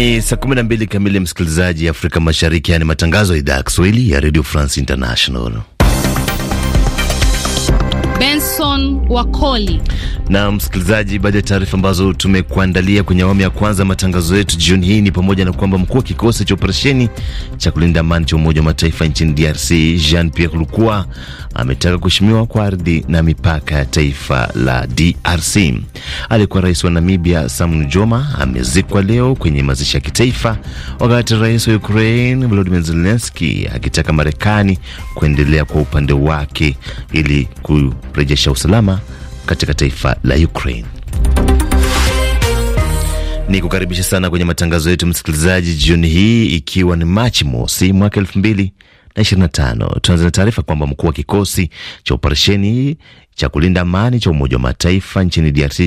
Ni saa 12 kamili, msikilizaji Afrika Mashariki. Yani matangazo ya idhaa ya Kiswahili ya Radio France International. Benson Wakoli. Na msikilizaji, baada ya taarifa ambazo tumekuandalia kwenye awamu ya kwanza matangazo yetu jioni hii ni pamoja na kwamba mkuu wa kikosi cha operesheni cha kulinda amani cha Umoja wa Mataifa nchini DRC Jean Pierre Lukua ametaka kuheshimiwa kwa ardhi na mipaka ya taifa la DRC. Aliyekuwa rais wa Namibia Sam Nujoma amezikwa leo kwenye mazishi ya kitaifa, wakati rais wa Ukraine Volodymyr Zelensky akitaka Marekani kuendelea kwa upande wake ili ku kurejesha usalama katika taifa la Ukraine. Ni kukaribisha sana kwenye matangazo yetu msikilizaji, jioni hii ikiwa ni Machi mosi mwaka elfu mbili na ishirini na tano. Tuanze na taarifa kwamba mkuu wa kikosi cha operesheni cha kulinda amani cha Umoja wa Mataifa nchini DRC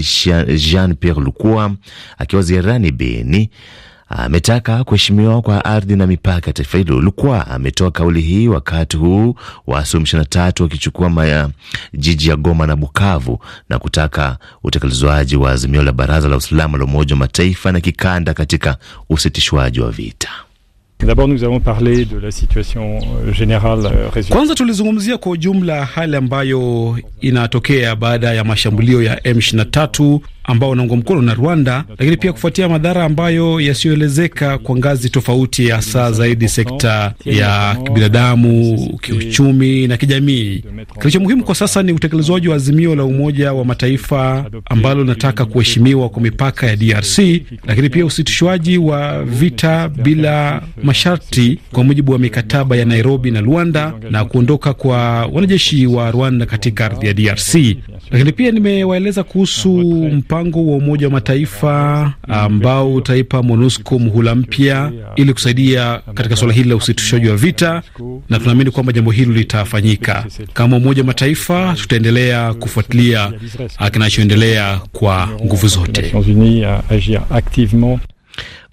Jean Pierre Lukua akiwa ziarani Beni ametaka kuheshimiwa kwa ardhi na mipaka ya taifa hilo. Lukwa ametoa kauli hii wakati huu waasi wa M23 wakichukua jiji ya Goma na Bukavu na kutaka utekelezwaji wa azimio la Baraza la Usalama la Umoja wa Mataifa na kikanda katika usitishwaji wa vita. Euh, euh, Kwanza tulizungumzia kwa ujumla hali ambayo inatokea baada ya mashambulio ya M23 ambao unaungwa mkono na Rwanda, lakini pia kufuatia madhara ambayo yasiyoelezeka kwa ngazi tofauti, hasa zaidi sekta ya kibinadamu, kiuchumi na kijamii. Kilicho muhimu kwa sasa ni utekelezwaji wa azimio la Umoja wa Mataifa ambalo linataka kuheshimiwa kwa mipaka ya DRC, lakini pia usitishwaji wa vita bila masharti kwa mujibu wa mikataba ya Nairobi na Rwanda na kuondoka kwa wanajeshi wa Rwanda katika ardhi ya DRC. Lakini pia nimewaeleza kuhusu mpango wa Umoja wa Mataifa ambao utaipa MONUSCO mhula mpya ili kusaidia katika suala hili la usitishaji wa vita, na tunaamini kwamba jambo hilo litafanyika. Kama Umoja wa Mataifa tutaendelea kufuatilia kinachoendelea kwa nguvu zote.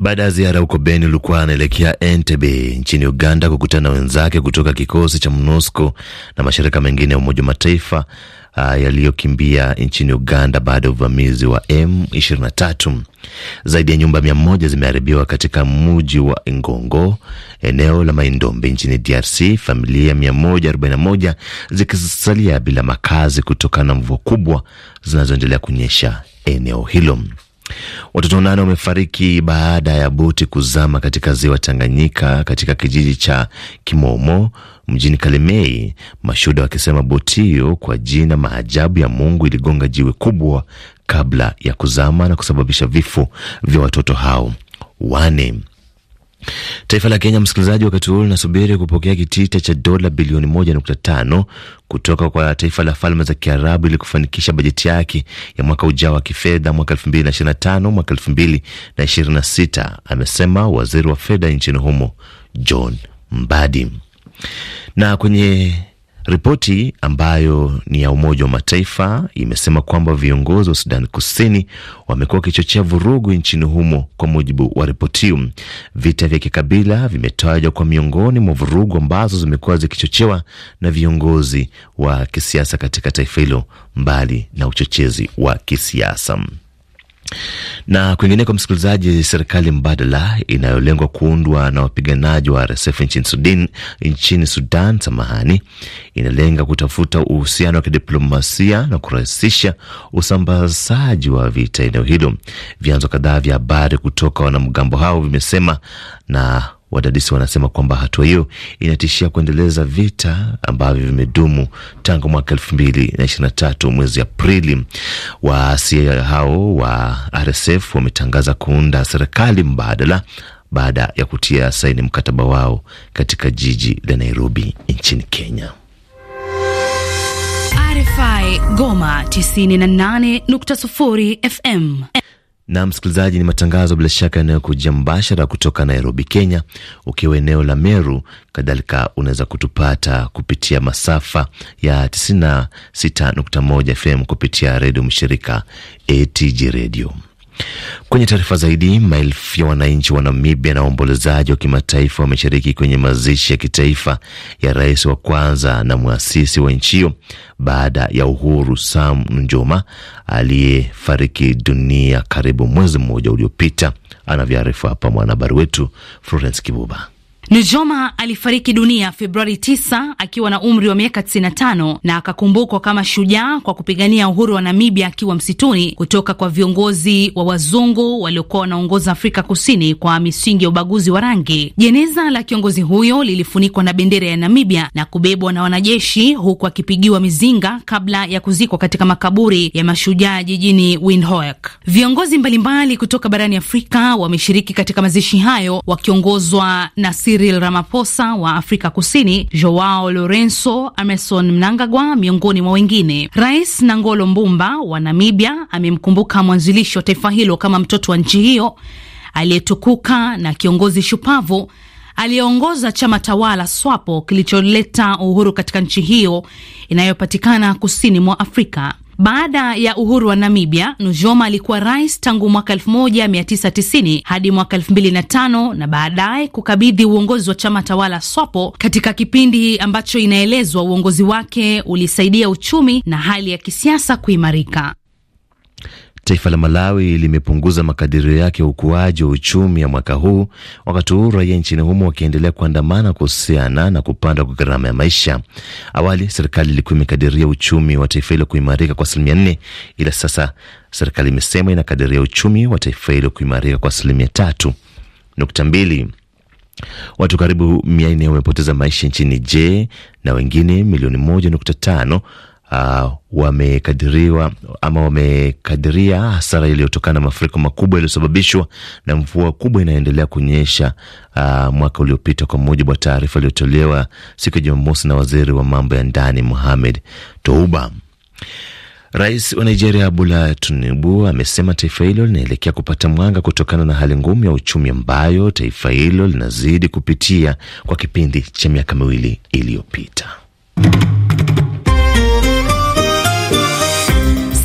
Baada ya ziara huko Beni, ulikuwa anaelekea Entebbe nchini Uganda kukutana na wenzake kutoka kikosi cha MONUSCO na mashirika mengine ya Umoja wa Mataifa uh, yaliyokimbia nchini Uganda baada ya uvamizi wa M23. Zaidi ya nyumba mia moja zimeharibiwa katika mji wa Ngongo, eneo la Maindombe nchini DRC, familia 141 zikisalia bila makazi kutokana na mvua kubwa zinazoendelea kunyesha eneo hilo. Watoto nane wamefariki baada ya boti kuzama katika ziwa Tanganyika katika kijiji cha Kimomo mjini Kalemei, mashuhuda wakisema boti hiyo kwa jina Maajabu ya Mungu iligonga jiwe kubwa kabla ya kuzama na kusababisha vifo vya watoto hao wane. Taifa la Kenya, msikilizaji, wakati huo linasubiri kupokea kitita cha dola bilioni 1.5 kutoka kwa taifa la Falme za Kiarabu ili kufanikisha bajeti yake ya mwaka ujao wa kifedha mwaka 2025 mwaka 2026, amesema waziri wa fedha nchini humo John Mbadi. Na kwenye Ripoti ambayo ni ya Umoja wa Mataifa imesema kwamba viongozi wa Sudan Kusini wamekuwa wakichochea vurugu nchini humo. Kwa mujibu wa ripoti hiyo, vita vya kikabila vimetajwa kwa miongoni mwa vurugu ambazo zimekuwa zikichochewa na viongozi wa kisiasa katika taifa hilo, mbali na uchochezi wa kisiasa. Na kwa msikilizaji, serikali mbadala inayolengwa kuundwa na wapiganaji wa RSF nchini Sudan, nchini Sudan samahani, inalenga kutafuta uhusiano wa kidiplomasia na kurahisisha usambazaji wa vita eneo hilo. Vyanzo kadhaa vya habari kutoka wanamgambo hao vimesema na Wadadisi wanasema kwamba hatua hiyo inatishia kuendeleza vita ambavyo vimedumu tangu mwaka elfu mbili na ishirini na tatu. Mwezi Aprili, waasi hao wa RSF wametangaza kuunda serikali mbadala baada ya kutia saini mkataba wao katika jiji la Nairobi nchini Kenya. RFI Goma 98.0 FM na msikilizaji, ni matangazo bila shaka yanayokuja mbashara kutoka Nairobi, Kenya, ukiwa eneo la Meru. Kadhalika unaweza kutupata kupitia masafa ya 96.1 FM kupitia redio mshirika ATG Redio. Kwenye taarifa zaidi, maelfu ya wananchi wa Namibia na waombolezaji wa kimataifa wameshiriki kwenye mazishi ya kitaifa ya rais wa kwanza na mwasisi wa nchi hiyo baada ya uhuru, Sam Njoma, aliyefariki dunia karibu mwezi mmoja uliopita. Anavyoarifu hapa mwanahabari wetu Florence Kibuba. Nujoma alifariki dunia Februari 9 akiwa na umri wa miaka 95 na akakumbukwa kama shujaa kwa kupigania uhuru wa Namibia akiwa msituni kutoka kwa viongozi wa wazungu waliokuwa wanaongoza Afrika Kusini kwa misingi ya ubaguzi wa rangi. Jeneza la kiongozi huyo lilifunikwa na bendera ya Namibia na kubebwa na wanajeshi huku akipigiwa mizinga kabla ya kuzikwa katika makaburi ya mashujaa jijini Windhoek. Viongozi mbalimbali kutoka barani Afrika wameshiriki katika mazishi hayo wakiongozwa na Cyril Ramaphosa wa Afrika Kusini, Joao Lorenzo, Emmerson Mnangagwa miongoni mwa wengine. Rais Nangolo Mbumba wa Namibia amemkumbuka mwanzilishi wa taifa hilo kama mtoto wa nchi hiyo aliyetukuka na kiongozi shupavu aliyeongoza chama tawala SWAPO kilicholeta uhuru katika nchi hiyo inayopatikana kusini mwa Afrika. Baada ya uhuru wa Namibia, Nujoma alikuwa rais tangu mwaka 1990 hadi mwaka 2005 na baadaye kukabidhi uongozi wa chama tawala SWAPO katika kipindi ambacho inaelezwa uongozi wake ulisaidia uchumi na hali ya kisiasa kuimarika. Taifa la Malawi limepunguza makadirio yake ya ukuaji wa uchumi ya mwaka huu, wakati huu raia nchini humo wakiendelea kuandamana kuhusiana na kupanda kwa gharama ya maisha. Awali serikali ilikuwa imekadiria uchumi wa taifa hilo kuimarika kwa asilimia nne, ila sasa serikali imesema inakadiria uchumi wa taifa hilo kuimarika kwa asilimia tatu nukta mbili. Watu karibu mia nne wamepoteza maisha nchini je na wengine milioni moja nukta tano uh, wamekadiriwa ama wamekadiria hasara iliyotokana na mafuriko makubwa yaliyosababishwa na mvua kubwa inayoendelea kunyesha uh, mwaka uliopita, kwa mujibu wa taarifa iliyotolewa siku ya Jumamosi na waziri wa mambo ya ndani Mohamed Touba. Rais wa Nigeria Bola Tinubu amesema taifa hilo linaelekea kupata mwanga kutokana na hali ngumu ya uchumi ambayo taifa hilo linazidi kupitia kwa kipindi cha miaka miwili iliyopita.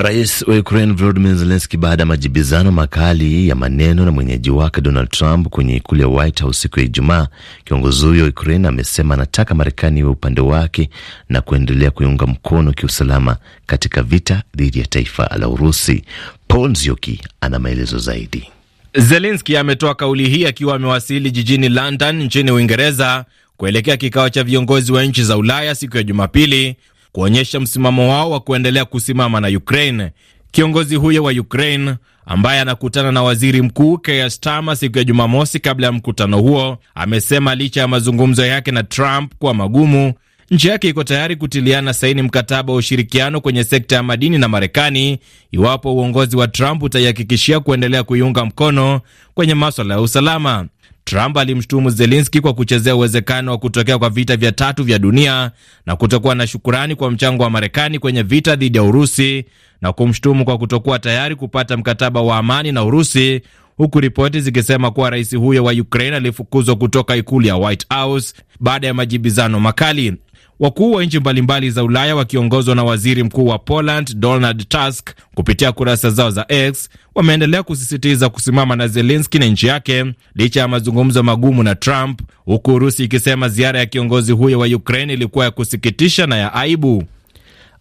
Rais wa Ukraine Volodymyr Zelensky baada ya majibizano makali ya maneno na mwenyeji wake Donald Trump kwenye ikulu ya White House siku ya Ijumaa, kiongozi huyo wa Ukraine amesema anataka Marekani iwe upande wake na kuendelea kuiunga mkono kiusalama katika vita dhidi ya taifa la Urusi. Paul Nzioki ana maelezo zaidi. Zelenski ametoa kauli hii akiwa amewasili jijini London nchini Uingereza kuelekea kikao cha viongozi wa nchi za Ulaya siku ya Jumapili, kuonyesha msimamo wao wa kuendelea kusimama na Ukraine. Kiongozi huyo wa Ukraine ambaye anakutana na waziri mkuu Keir Starmer siku ya Jumamosi kabla ya mkutano huo amesema licha ya mazungumzo yake na Trump kuwa magumu, nchi yake iko tayari kutiliana saini mkataba wa ushirikiano kwenye sekta ya madini na Marekani iwapo uongozi wa Trump utaihakikishia kuendelea kuiunga mkono kwenye maswala ya usalama. Trump alimshutumu Zelenski kwa kuchezea uwezekano wa kutokea kwa vita vya tatu vya dunia na kutokuwa na shukurani kwa mchango wa Marekani kwenye vita dhidi ya Urusi na kumshutumu kwa kutokuwa tayari kupata mkataba wa amani na Urusi, huku ripoti zikisema kuwa rais huyo wa Ukraine alifukuzwa kutoka ikulu ya White House baada ya majibizano makali. Wakuu wa nchi mbalimbali za Ulaya wakiongozwa na waziri mkuu wa Poland Donald Tusk kupitia kurasa zao za X wameendelea kusisitiza kusimama na Zelenski na nchi yake licha ya mazungumzo magumu na Trump, huku Urusi ikisema ziara ya kiongozi huyo wa Ukraine ilikuwa ya kusikitisha na ya aibu.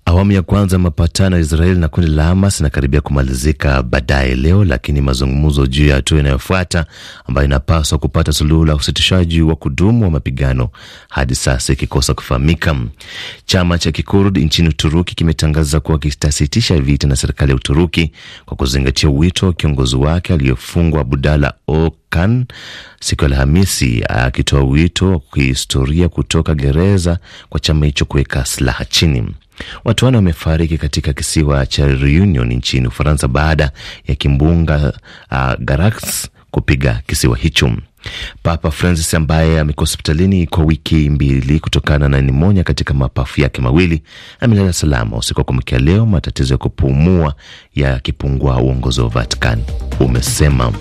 Awamu ya kwanza mapatano ya Israeli na kundi la Hamas inakaribia kumalizika baadaye leo, lakini mazungumzo juu ya hatua inayofuata ambayo inapaswa kupata suluhu la usitishaji wa kudumu wa mapigano hadi sasa ikikosa kufahamika. Chama cha Kikurd nchini Uturuki kimetangaza kuwa kitasitisha vita na serikali ya Uturuki kwa kuzingatia wito wa kiongozi wake aliyofungwa Abdullah Okan siku ya Alhamisi, akitoa wito wa kihistoria kutoka gereza kwa chama hicho kuweka silaha chini. Watu wane wamefariki katika kisiwa cha Reunion nchini Ufaransa baada ya kimbunga uh, Garax kupiga kisiwa hicho. Papa Francis ambaye amekuwa hospitalini kwa wiki mbili kutokana na nimonya katika mapafu yake mawili amelala salama usiku wa kuamkia leo, matatizo ya kupumua yakipungua, uongozi wa Vatican umesema.